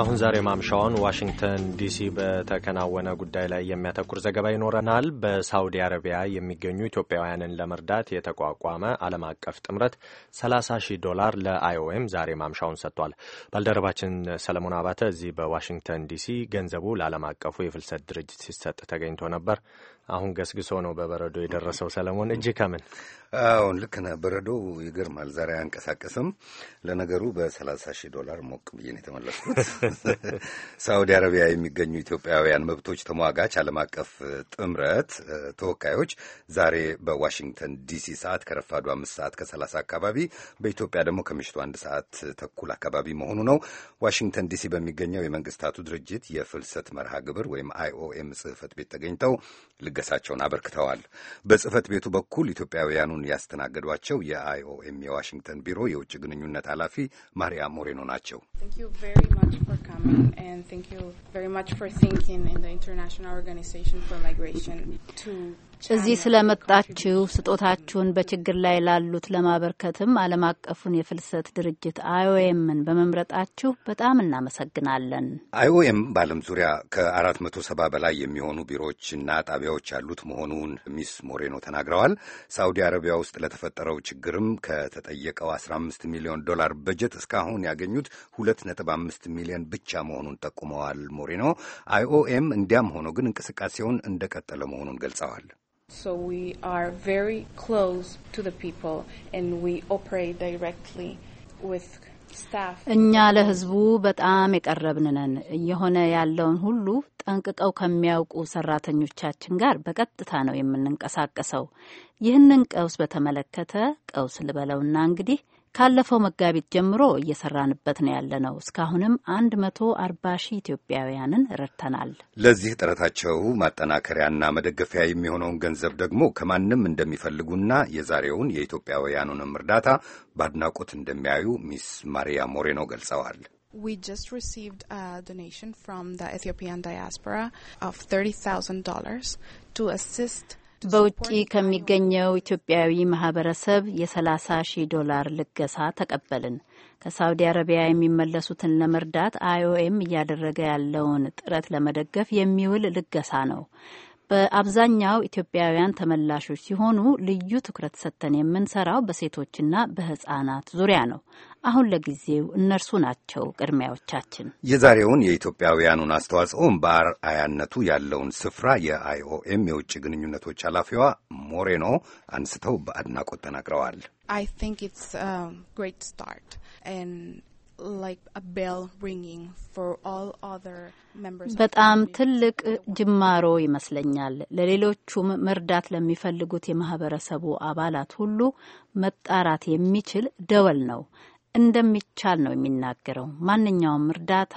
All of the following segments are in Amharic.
አሁን ዛሬ ማምሻውን ዋሽንግተን ዲሲ በተከናወነ ጉዳይ ላይ የሚያተኩር ዘገባ ይኖረናል። በሳውዲ አረቢያ የሚገኙ ኢትዮጵያውያንን ለመርዳት የተቋቋመ ዓለም አቀፍ ጥምረት 30 ሺህ ዶላር ለአይኦኤም ዛሬ ማምሻውን ሰጥቷል። ባልደረባችን ሰለሞን አባተ እዚህ በዋሽንግተን ዲሲ ገንዘቡ ለዓለም አቀፉ የፍልሰት ድርጅት ሲሰጥ ተገኝቶ ነበር። አሁን ገስግሶ ነው በበረዶ የደረሰው። ሰለሞን እጅ ከምን አሁን ልክ ነህ። በረዶው ይገርማል። ዛሬ አያንቀሳቀስም። ለነገሩ በሰላሳ ሺህ ዶላር ሞቅ ብዬን የተመለስኩት ሳውዲ አረቢያ የሚገኙ ኢትዮጵያውያን መብቶች ተሟጋች ዓለም አቀፍ ጥምረት ተወካዮች ዛሬ በዋሽንግተን ዲሲ ሰዓት ከረፋዱ አምስት ሰዓት ከሰላሳ አካባቢ በኢትዮጵያ ደግሞ ከምሽቱ አንድ ሰዓት ተኩል አካባቢ መሆኑ ነው ዋሽንግተን ዲሲ በሚገኘው የመንግስታቱ ድርጅት የፍልሰት መርሃ ግብር ወይም አይኦኤም ጽህፈት ቤት ተገኝተው ልገሳቸውን አበርክተዋል። በጽህፈት ቤቱ በኩል ኢትዮጵያውያኑን ያስተናገዷቸው የአይኦኤም የዋሽንግተን ቢሮ የውጭ ግንኙነት ኃላፊ ማሪያ ሞሬኖ ናቸው። እዚህ ስለመጣችሁ ስጦታችሁን በችግር ላይ ላሉት ለማበርከትም ዓለም አቀፉን የፍልሰት ድርጅት አይኦኤምን በመምረጣችሁ በጣም እናመሰግናለን። አይኦኤም በዓለም ዙሪያ ከአራት መቶ ሰባ በላይ የሚሆኑ ቢሮዎችና ጣቢያዎች ያሉት መሆኑን ሚስ ሞሬኖ ተናግረዋል። ሳውዲ አረቢያ ውስጥ ለተፈጠረው ችግርም ከተጠየቀው 15 ሚሊዮን ዶላር በጀት እስካሁን ያገኙት 2.5 ሚሊዮን ብቻ መሆኑን ጠቁመዋል። ሞሬኖ አይኦኤም እንዲያም ሆኖ ግን እንቅስቃሴውን እንደቀጠለ መሆኑን ገልጸዋል። So we are very close to the people and we operate directly with staff. እኛ ለህዝቡ በጣም የቀረብን ነን። እየሆነ ያለውን ሁሉ ጠንቅቀው ከሚያውቁ ሰራተኞቻችን ጋር በቀጥታ ነው የምንንቀሳቀሰው። ይህንን ቀውስ በተመለከተ ቀውስ ልበለውና እንግዲህ ካለፈው መጋቢት ጀምሮ እየሰራንበት ነው ያለነው። እስካሁንም አንድ መቶ አርባ ሺህ ኢትዮጵያውያንን ረድተናል። ለዚህ ጥረታቸው ማጠናከሪያና መደገፊያ የሚሆነውን ገንዘብ ደግሞ ከማንም እንደሚፈልጉና የዛሬውን የኢትዮጵያውያኑንም እርዳታ በአድናቆት እንደሚያዩ ሚስ ማሪያ ሞሬኖ ገልጸዋል። We just received a donation from the Ethiopian diaspora of $30,000 to assist በውጭ ከሚገኘው ኢትዮጵያዊ ማህበረሰብ የ30 ሺህ ዶላር ልገሳ ተቀበልን። ከሳውዲ አረቢያ የሚመለሱትን ለመርዳት አይኦኤም እያደረገ ያለውን ጥረት ለመደገፍ የሚውል ልገሳ ነው። በአብዛኛው ኢትዮጵያውያን ተመላሾች ሲሆኑ ልዩ ትኩረት ሰጥተን የምንሰራው በሴቶችና በህጻናት ዙሪያ ነው። አሁን ለጊዜው እነርሱ ናቸው ቅድሚያዎቻችን። የዛሬውን የኢትዮጵያውያኑን አስተዋጽኦም በአርአያነቱ ያለውን ስፍራ የአይኦኤም የውጭ ግንኙነቶች ኃላፊዋ ሞሬኖ አንስተው በአድናቆት ተናግረዋል። በጣም ትልቅ ጅማሮ ይመስለኛል። ለሌሎቹም መርዳት ለሚፈልጉት የማህበረሰቡ አባላት ሁሉ መጣራት የሚችል ደወል ነው። እንደሚቻል ነው የሚናገረው። ማንኛውም እርዳታ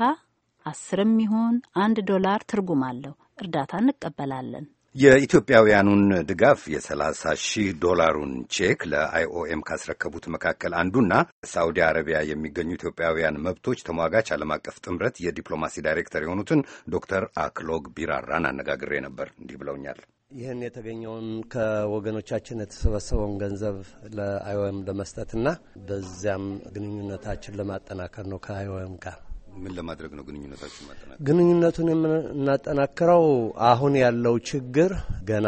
አስርም ይሁን አንድ ዶላር ትርጉም አለው። እርዳታ እንቀበላለን። የኢትዮጵያውያኑን ድጋፍ የሰላሳ ሺህ ዶላሩን ቼክ ለአይኦኤም ካስረከቡት መካከል አንዱና ሳዑዲ አረቢያ የሚገኙ ኢትዮጵያውያን መብቶች ተሟጋች ዓለም አቀፍ ጥምረት የዲፕሎማሲ ዳይሬክተር የሆኑትን ዶክተር አክሎግ ቢራራን አነጋግሬ ነበር። እንዲህ ብለውኛል። ይህን የተገኘውን ከወገኖቻችን የተሰበሰበውን ገንዘብ ለአይኦኤም ለመስጠትና በዚያም ግንኙነታችን ለማጠናከር ነው ከአይኦኤም ጋር ምን ለማድረግ ነው ግንኙነታችሁ ማጠናከር? ግንኙነቱን የምናጠናክረው አሁን ያለው ችግር ገና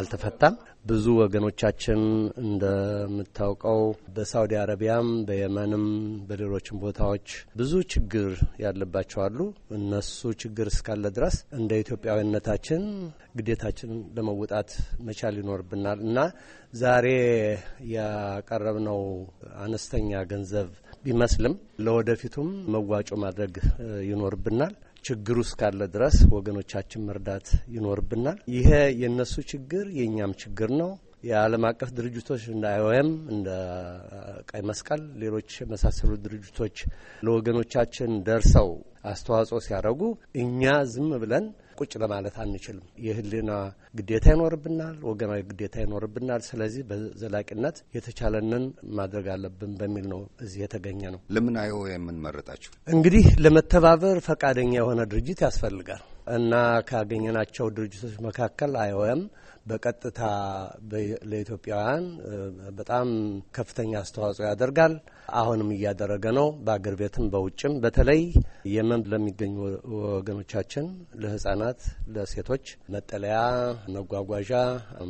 አልተፈታም። ብዙ ወገኖቻችን እንደምታውቀው በሳውዲ አረቢያም በየመንም በሌሎችም ቦታዎች ብዙ ችግር ያለባቸው አሉ። እነሱ ችግር እስካለ ድረስ እንደ ኢትዮጵያዊነታችን ግዴታችን ለመውጣት መቻል ይኖርብናል እና ዛሬ ያቀረብነው አነስተኛ ገንዘብ ቢመስልም ለወደፊቱም መዋጮ ማድረግ ይኖርብናል። ችግሩ እስካለ ድረስ ወገኖቻችን መርዳት ይኖርብናል። ይሄ የእነሱ ችግር የእኛም ችግር ነው። የዓለም አቀፍ ድርጅቶች እንደ አይኦኤም እንደ ቀይ መስቀል፣ ሌሎች የመሳሰሉ ድርጅቶች ለወገኖቻችን ደርሰው አስተዋጽኦ ሲያደርጉ እኛ ዝም ብለን ቁጭ ለማለት አንችልም። የህሊና ግዴታ ይኖርብናል፣ ወገናዊ ግዴታ ይኖርብናል። ስለዚህ በዘላቂነት የተቻለንን ማድረግ አለብን በሚል ነው እዚህ የተገኘ ነው። ለምን አዮ እንግዲህ ለመተባበር ፈቃደኛ የሆነ ድርጅት ያስፈልጋል እና ካገኘናቸው ድርጅቶች መካከል አይኦኤም በቀጥታ ለኢትዮጵያውያን በጣም ከፍተኛ አስተዋጽኦ ያደርጋል። አሁንም እያደረገ ነው፣ በአገር ቤትም በውጭም። በተለይ የመን ለሚገኙ ወገኖቻችን ለህጻናት፣ ለሴቶች መጠለያ፣ መጓጓዣ፣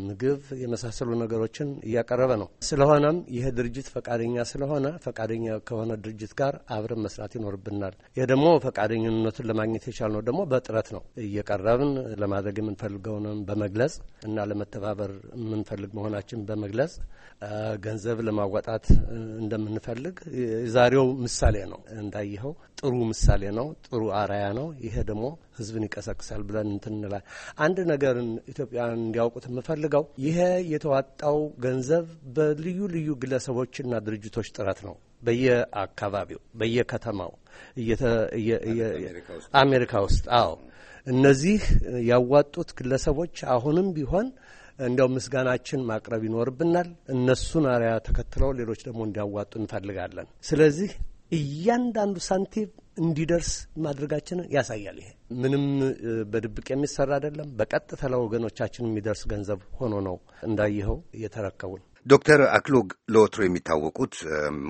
ምግብ የመሳሰሉ ነገሮችን እያቀረበ ነው። ስለሆነም ይህ ድርጅት ፈቃደኛ ስለሆነ ፈቃደኛ ከሆነ ድርጅት ጋር አብረን መስራት ይኖርብናል። ይህ ደግሞ ፈቃደኝነቱን ለማግኘት የቻልነው ደግሞ በጥረት ነው። እየቀረብን ለማድረግ የምንፈልገውንም በመግለጽ እና ለመተባበር የምንፈልግ መሆናችን በመግለጽ ገንዘብ ለማዋጣት እንደምንፈልግ የዛሬው ምሳሌ ነው። እንዳየኸው ጥሩ ምሳሌ ነው፣ ጥሩ አራያ ነው። ይሄ ደግሞ ህዝብን ይቀሰቅሳል ብለን እንትን እንላለን። አንድ ነገርን ኢትዮጵያን እንዲያውቁት የምፈልገው ይሄ የተዋጣው ገንዘብ በልዩ ልዩ ግለሰቦችና ድርጅቶች ጥረት ነው። በየአካባቢው በየከተማው አሜሪካ ውስጥ አዎ እነዚህ ያዋጡት ግለሰቦች አሁንም ቢሆን እንደው ምስጋናችን ማቅረብ ይኖርብናል። እነሱን አርያ ተከትለው ሌሎች ደግሞ እንዲያዋጡ እንፈልጋለን። ስለዚህ እያንዳንዱ ሳንቲም እንዲደርስ ማድረጋችንን ያሳያል። ይሄ ምንም በድብቅ የሚሰራ አይደለም። በቀጥታ ለወገኖቻችን የሚደርስ ገንዘብ ሆኖ ነው እንዳየኸው እየተረከቡን ዶክተር አክሎግ ለወትሮ የሚታወቁት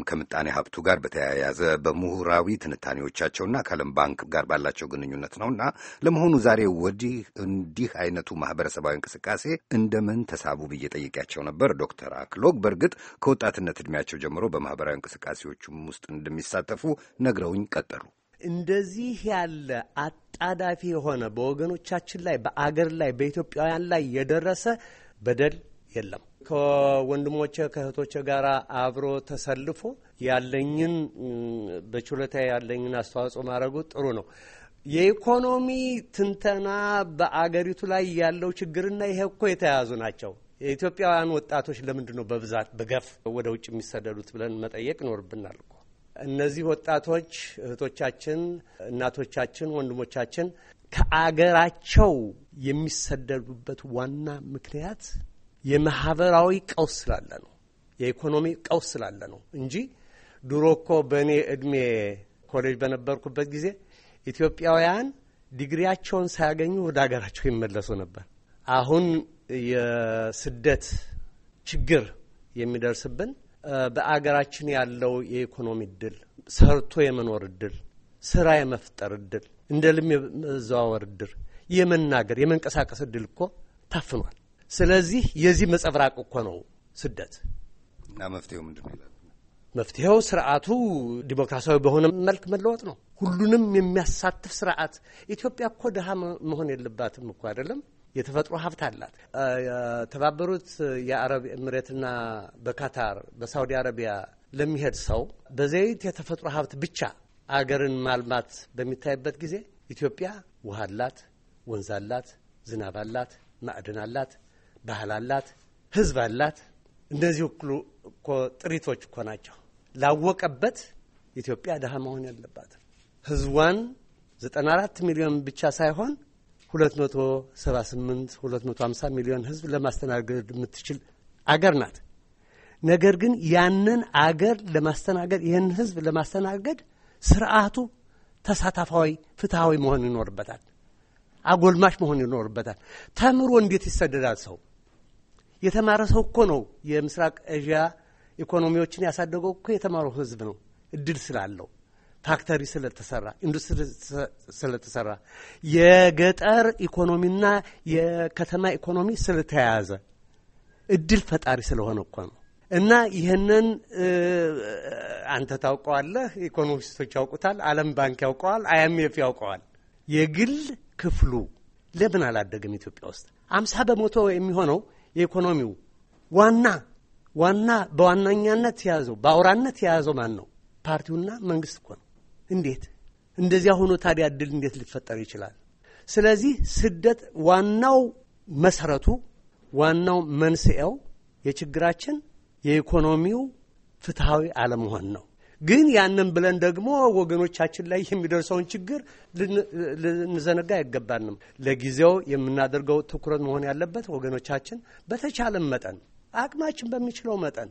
ከምጣኔ ሀብቱ ጋር በተያያዘ በምሁራዊ ትንታኔዎቻቸውና ከዓለም ባንክ ጋር ባላቸው ግንኙነት ነውና ለመሆኑ ዛሬ ወዲህ እንዲህ አይነቱ ማህበረሰባዊ እንቅስቃሴ እንደምን ተሳቡ ብዬ ጠይቄያቸው ነበር። ዶክተር አክሎግ በእርግጥ ከወጣትነት እድሜያቸው ጀምሮ በማህበራዊ እንቅስቃሴዎችም ውስጥ እንደሚሳተፉ ነግረውኝ ቀጠሉ። እንደዚህ ያለ አጣዳፊ የሆነ በወገኖቻችን ላይ፣ በአገር ላይ፣ በኢትዮጵያውያን ላይ የደረሰ በደል የለም። ከወንድሞቼ ከእህቶቼ ጋር አብሮ ተሰልፎ ያለኝን በችሎታ ያለኝን አስተዋጽኦ ማድረጉ ጥሩ ነው። የኢኮኖሚ ትንተና በአገሪቱ ላይ ያለው ችግርና ይሄ እኮ የተያያዙ ናቸው። የኢትዮጵያውያን ወጣቶች ለምንድን ነው በብዛት በገፍ ወደ ውጭ የሚሰደዱት ብለን መጠየቅ ይኖርብናል እኮ። እነዚህ ወጣቶች እህቶቻችን፣ እናቶቻችን፣ ወንድሞቻችን ከአገራቸው የሚሰደዱበት ዋና ምክንያት የማህበራዊ ቀውስ ስላለ ነው፣ የኢኮኖሚ ቀውስ ስላለ ነው እንጂ ድሮ እኮ በእኔ እድሜ ኮሌጅ በነበርኩበት ጊዜ ኢትዮጵያውያን ዲግሪያቸውን ሳያገኙ ወደ ሀገራቸው ይመለሱ ነበር። አሁን የስደት ችግር የሚደርስብን በአገራችን ያለው የኢኮኖሚ እድል፣ ሰርቶ የመኖር እድል፣ ስራ የመፍጠር እድል፣ እንደ ልም የመዘዋወር እድል፣ የመናገር የመንቀሳቀስ እድል እኮ ታፍኗል። ስለዚህ የዚህ መጸብራቅ እኮ ነው ስደት። እና መፍትሄው ምንድን ነው? መፍትሄው ስርዓቱ ዲሞክራሲያዊ በሆነ መልክ መለወጥ ነው። ሁሉንም የሚያሳትፍ ስርዓት። ኢትዮጵያ እኮ ድሀ መሆን የለባትም እኮ አይደለም። የተፈጥሮ ሀብት አላት። የተባበሩት የአረብ ኤምሬትና በካታር በሳውዲ አረቢያ ለሚሄድ ሰው በዘይት የተፈጥሮ ሀብት ብቻ አገርን ማልማት በሚታይበት ጊዜ ኢትዮጵያ ውሃ አላት፣ ወንዝ አላት፣ ዝናብ አላት፣ ማዕድን አላት፣ ባህል አላት፣ ህዝብ አላት። እነዚህ ሁሉ እኮ ጥሪቶች እኮ ናቸው። ላወቀበት ኢትዮጵያ ድሀ መሆን ያለባትም ህዝቧን 94 ሚሊዮን ብቻ ሳይሆን 278 250 ሚሊዮን ህዝብ ለማስተናገድ የምትችል አገር ናት። ነገር ግን ያንን አገር ለማስተናገድ ይህን ህዝብ ለማስተናገድ ስርዓቱ ተሳታፋዊ፣ ፍትሐዊ መሆን ይኖርበታል። አጎልማሽ መሆን ይኖርበታል። ተምሮ እንዴት ይሰደዳል ሰው? የተማረ ሰው እኮ ነው የምስራቅ ኤዥያ ኢኮኖሚዎችን ያሳደገው እኮ የተማረው ህዝብ ነው። እድል ስላለው ፋክተሪ ስለተሰራ ኢንዱስትሪ ስለተሰራ የገጠር ኢኮኖሚና የከተማ ኢኮኖሚ ስለተያያዘ እድል ፈጣሪ ስለሆነ እኮ ነው። እና ይህንን አንተ ታውቀዋለህ፣ ኢኮኖሚስቶች ያውቁታል፣ ዓለም ባንክ ያውቀዋል፣ አይኤምኤፍ ያውቀዋል። የግል ክፍሉ ለምን አላደገም? ኢትዮጵያ ውስጥ አምሳ በመቶ የሚሆነው የኢኮኖሚው ዋና ዋና በዋናኛነት የያዘው በአውራነት የያዘው ማን ነው? ፓርቲውና መንግስት እኮ ነው። እንዴት እንደዚያ ሆኖ ታዲያ እድል እንዴት ሊፈጠር ይችላል? ስለዚህ ስደት ዋናው መሰረቱ ዋናው መንስኤው የችግራችን የኢኮኖሚው ፍትሐዊ አለመሆን ነው። ግን ያንን ብለን ደግሞ ወገኖቻችን ላይ የሚደርሰውን ችግር ልንዘነጋ አይገባንም። ለጊዜው የምናደርገው ትኩረት መሆን ያለበት ወገኖቻችን በተቻለን መጠን አቅማችን በሚችለው መጠን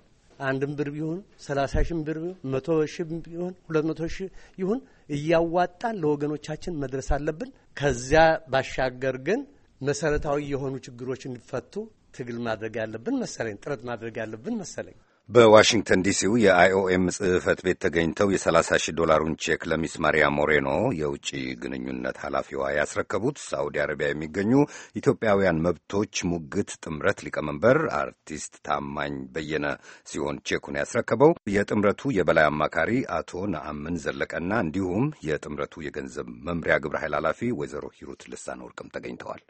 አንድም ብር ቢሆን ሰላሳ ሺህ ብር ቢሆን መቶ ሺህ ቢሆን ሁለት መቶ ሺህ ይሁን እያዋጣን ለወገኖቻችን መድረስ አለብን። ከዚያ ባሻገር ግን መሰረታዊ የሆኑ ችግሮች እንዲፈቱ ትግል ማድረግ ያለብን መሰለኝ፣ ጥረት ማድረግ ያለብን መሰለኝ። በዋሽንግተን ዲሲው የአይኦኤም ጽህፈት ቤት ተገኝተው የ30 ሺህ ዶላሩን ቼክ ለሚስ ማሪያ ሞሬኖ የውጭ ግንኙነት ኃላፊዋ ያስረከቡት ሳዑዲ አረቢያ የሚገኙ ኢትዮጵያውያን መብቶች ሙግት ጥምረት ሊቀመንበር አርቲስት ታማኝ በየነ ሲሆን ቼኩን ያስረከበው የጥምረቱ የበላይ አማካሪ አቶ ነአምን ዘለቀና እንዲሁም የጥምረቱ የገንዘብ መምሪያ ግብረ ኃይል ኃላፊ ወይዘሮ ሂሩት ልሳን ወርቅም ተገኝተዋል።